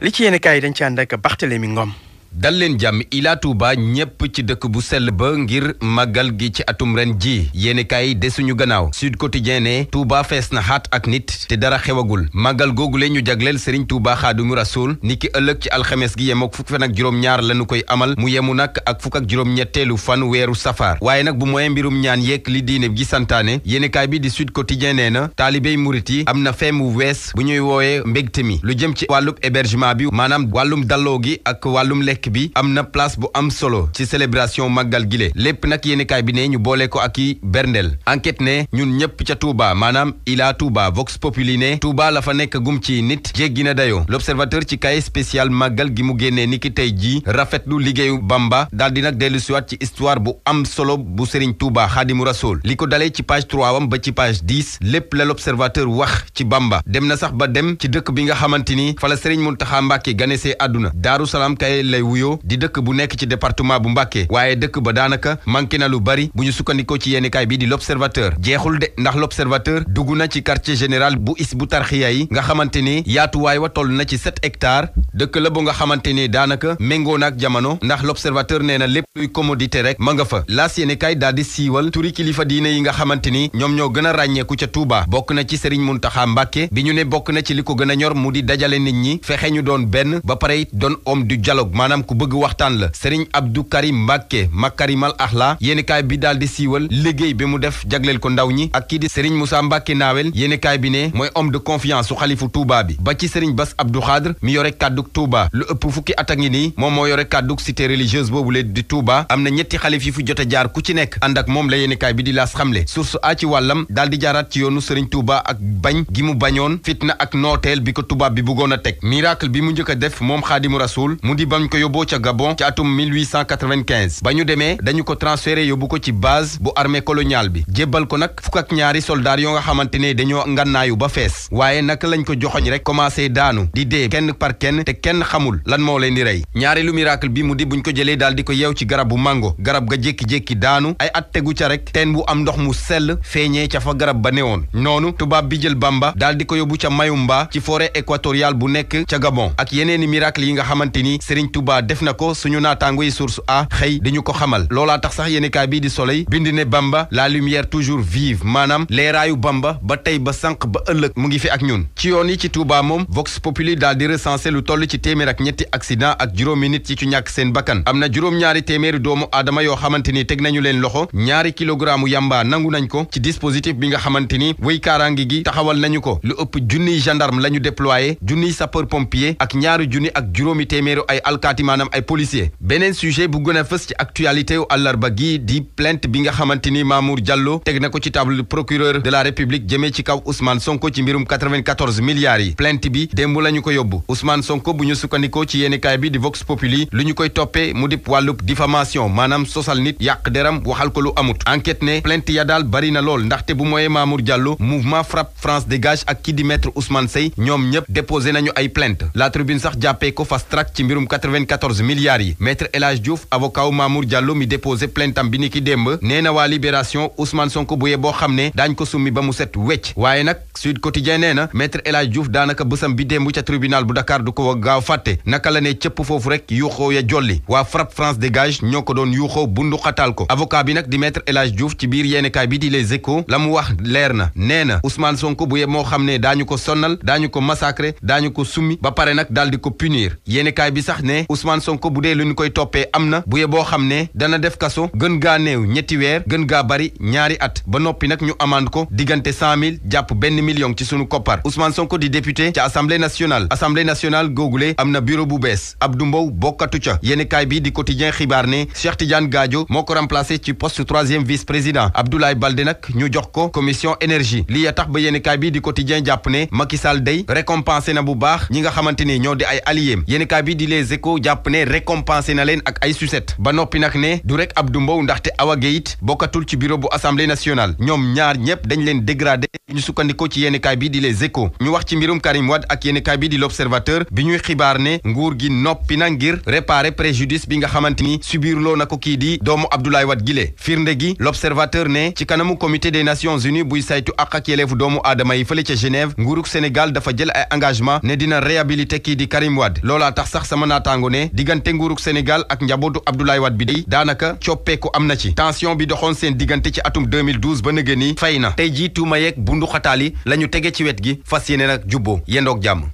li ci yéen kaay yi dañ ci ànd ak Barthélémy Ngom dal leen jàmm Ila Touba ñépp ci dëkk bu sell ba ngir màggal gi ci atum ren ji yéeni kaay desuñu gannaaw Sud Quotidien ne Touba fees na xaat ak nit te dara xewagul màggal googu leen ñu jagleel Serigne Touba Xaadimu Rasuul ki ëllëg ci alxames gi yemook fukki fan ak juróom-ñaar lañu koy amal mu yemu nag ak fukk ak juróom-ñetteelu fan weeru safar waaye nag bu mooy mbirum ñaan yeeg li diine gi santaane yéeni kaay bi di Sud Quotidien nee na taalibey murit yi am na feem wu wees bu ñuy woowee mbégte mi lu jëm ci wàllub hébergement bi maanaam wàllum dalloo gi ak wàllum njëkk bi am na place bu am solo ci célébration màggal gile lépp nag yéenekaay bi ne ñu boole ko ak i berndeel enquête ne ñun ñëpp ca Touba maanaam Ila Touba Vox Populi ne Touba la fa nekk gum ci nit jéggi na dayo l'observateur ci cahier spécial màggal gi mu génnee ni tey jii rafetlu liggéeyu Bamba daal di nag dellu siwaat ci histoire bu am solo bu Serigne Touba Xaadimu Rasool li ko dalee ci page 3 wam ba ci page 10 lépp la l'observateur wax ci Bamba dem na sax ba dem ci dëkk bi nga xamante ni fa la Serigne Mountakha Mbacké ganesee àdduna Daaru Salaam wuyoo di dëkk bu nekk ci département bu Mbàkke waaye dëkk ba daanaka manqué na lu bari bu ñu sukkandikoo ci yéenikaay bi di l'observateur jeexul de ndax l'observateur dugg na ci quartier général bu Hizbut Tarqiyyah yi nga xamante ni yaatuwaay wa toll na ci sept ectare dëkk la bu nga xamante ni daanaka méngoo ak jamono ndax l'observateur nee na lépp luy commodité rek ma nga fa laas yéenikaay daal di siiwal turi kilifa diine yi nga xamante ni ñoom ñoo gën a ràññeeku ca Touba bokk na ci Serigne Mountakha Mbacké bi ñu ne bokk na ci li ko gën a ñor mu di dajale nit ñi fexe ñu benn ba maanaam ku bëgg waxtaan la sëriñ Abdou Karim Mbàkke Makarimal Axla yéenekaay bi daal di siiwal liggéey bi mu def jagleel ko ndaw ñi ak kii di sëriñ Moussa Mbàkke naawel yéenekaay bi ne mooy homme de confiance su xalifu Touba bi ba ci sëriñ Bass Abdou Khadre mi yore kàdduk Touba lu ëpp fukki at a ngi nii moom moo yore kàdduk cité religieuse boobu le di Touba am na ñetti xalif yi fu jot jaar ku ci nekk ànd ak moom la yéenekaay bi di laas xamle source a ci wàllam daal di jaaraat ci yoonu Touba ak bañ gi mu bañoon fitna ak nooteel bi ko tubaab bi bëggoon a teg miracle bi mu njëkk a def moom yóbboo ca Gabon ci atum 1895 ba ñu demee dañu ko transféré yóbbu ko ci base bu armée coloniale bi jébbal ko nag fukk ak ñaari soldaar yoo nga xamante ne dañoo ngannaayu ba fees waaye naka lañ ko joxoñ rek commencé daanu di dee kenn par kenn te kenn xamul lan moo leen di rey ñaareelu miracle bi mu di buñ ko jëlee daal ko yeew ci garab bu mango garab ga jékki-jékki daanu ay at tegu ca rek teen bu am ndox mu sell feeñee ca fa garab ba newoon noonu tubaab bi jël bamba daal di ko yóbbu ca mayumba Touba def na ko suñu naataango yi source a xëy di ñu ko xamal loolaa tax sax yéenekaay bii di Soleil bind ne Bamba la lumière toujours vive maanaam leeraayu Bamba ba tey ba sànq ba ëllëg mu ngi fi ak ñun ci yoon yi ci Touba moom Vox Populi daal di recensé lu toll ci téeméer ak ñetti accident ak juróomi nit ci ci ñàkk seen bakkan am na juróom-ñaari téeméeri doomu adama yoo xamante ni teg nañu leen loxo ñaari kilogrammu yamba nangu nañ ko ci dispositif bi nga xamante ni wéy kaaraange gi taxawal nañu ko lu ëpp junniy gendarme la ñu déployé junniy sapeur pompier ak ñaari junni ak maanaam ay policier beneen sujet bu gën a ci actualité yu àllarba gi di plainte bi nga xamante ni Mamour Diallo teg na ko ci table procureur de la république jëmee ci kaw Ousmane Sonko ci mbirum 94 milliards yi plainte bi démb la ñu ko yóbbu Ousmane Sonko bu ñu sukkandikoo ci yéenekaay bi di Vox Populi lu ñu koy toppee mu dip wàllub diffamation maanaam sosal nit yàq deram waxal ko lu amut enquête ne plainte ya daal bari na lool ndaxte bu mooyee Mamour Diallo mouvement frappe France dégage ak ki di maître Ousmane Sey 2014 milliards yi maître El Hadj Diouf avocat wu Mamour Diallo mi déposé plaintam bi ni ki démb nee waa Libération Ousmane Sonko bu yee boo xam ne daañ ko summi ba mu set wecc waaye nag Sud Quotidien nee na maître El Hadj Diouf daanaka bësam bi démb ca tribunal bu Dakar du ko gaaw fàtte naka la ne cëpp foofu rek yuuxoo ya jolli waa FRAPP France Dégage ñoo ko doon yuuxoo bundu xataal ko avocat bi nag di maître El Hadj ci biir yéenekaay bi di Les la mu wax leer na nee na Ousmane Sonko bu yee moo xam ne daañu ko sonnal daañu ko massacrer daañu ko summi ba pare nag daal di ko punir yéenekaay bi sax ne Ousmane Sonko bu dee lu ñu koy toppee am na bu ye xam ne dana def kaso gën gaa néew ñetti weer gën gaa bari ñaari at ba noppi nag ñu amande ko diggante cent mille jàpp benn million ci sunu koppar Ousmane Sonko di député ci assemblée nationale assemblée nationale googule am na bureau bu bees Abdou Mbow bokkatu ca yéeni kaay bi di quotidien xibaar ne Cheikh Tidiane Gadio moo ko remplacé ci poste troisième vice président Abdoulaye Baldé nag ñu jox ko commission énergie lii ya tax ba yéeni kaay bi di quotidien ne Macky Sall day na bu baax ñi nga xamante ni ñoo di ay alliés jàpp ne récompensé na leen ak ay sucette ba noppi nag ne du rek Abdou Mbow ndaxte Awa Gueye bokkatul ci bureau bu assemblée nationale ñoom ñaar ñëpp dañ leen dégradé ñu sukkandikoo ci yéenekaay bi di Les Échos ñu wax ci mbirum Karim Wade ak yéenekaay bi di L'Observateur bi ñuy xibaar ne nguur gi noppi na ngir réparer préjudice bi nga xamante ni subirloo na ko kii di doomu Abdoulaye Wade gile firnde gi L'Observateur ne ci kanamu comité des nations unies buy saytu àq ak doomu aadama yi fële ca Genève nguuruk Sénégal dafa jël ay engagement ne dina réhabiliter kii di Karim Wade loolaa tax sax sama naataango ne diggante nguuruk Sénégal ak njabootu Abdoulaye Wade bi day daanaka coppeeku am na ci tension bi doxoon seen diggante ci atum 2012 ba nëgë ni fay na tey jiitu tuuma yeeg bundu xataali la ñu tege ci wet gi fas yéene nag jubbo yendoog jàmm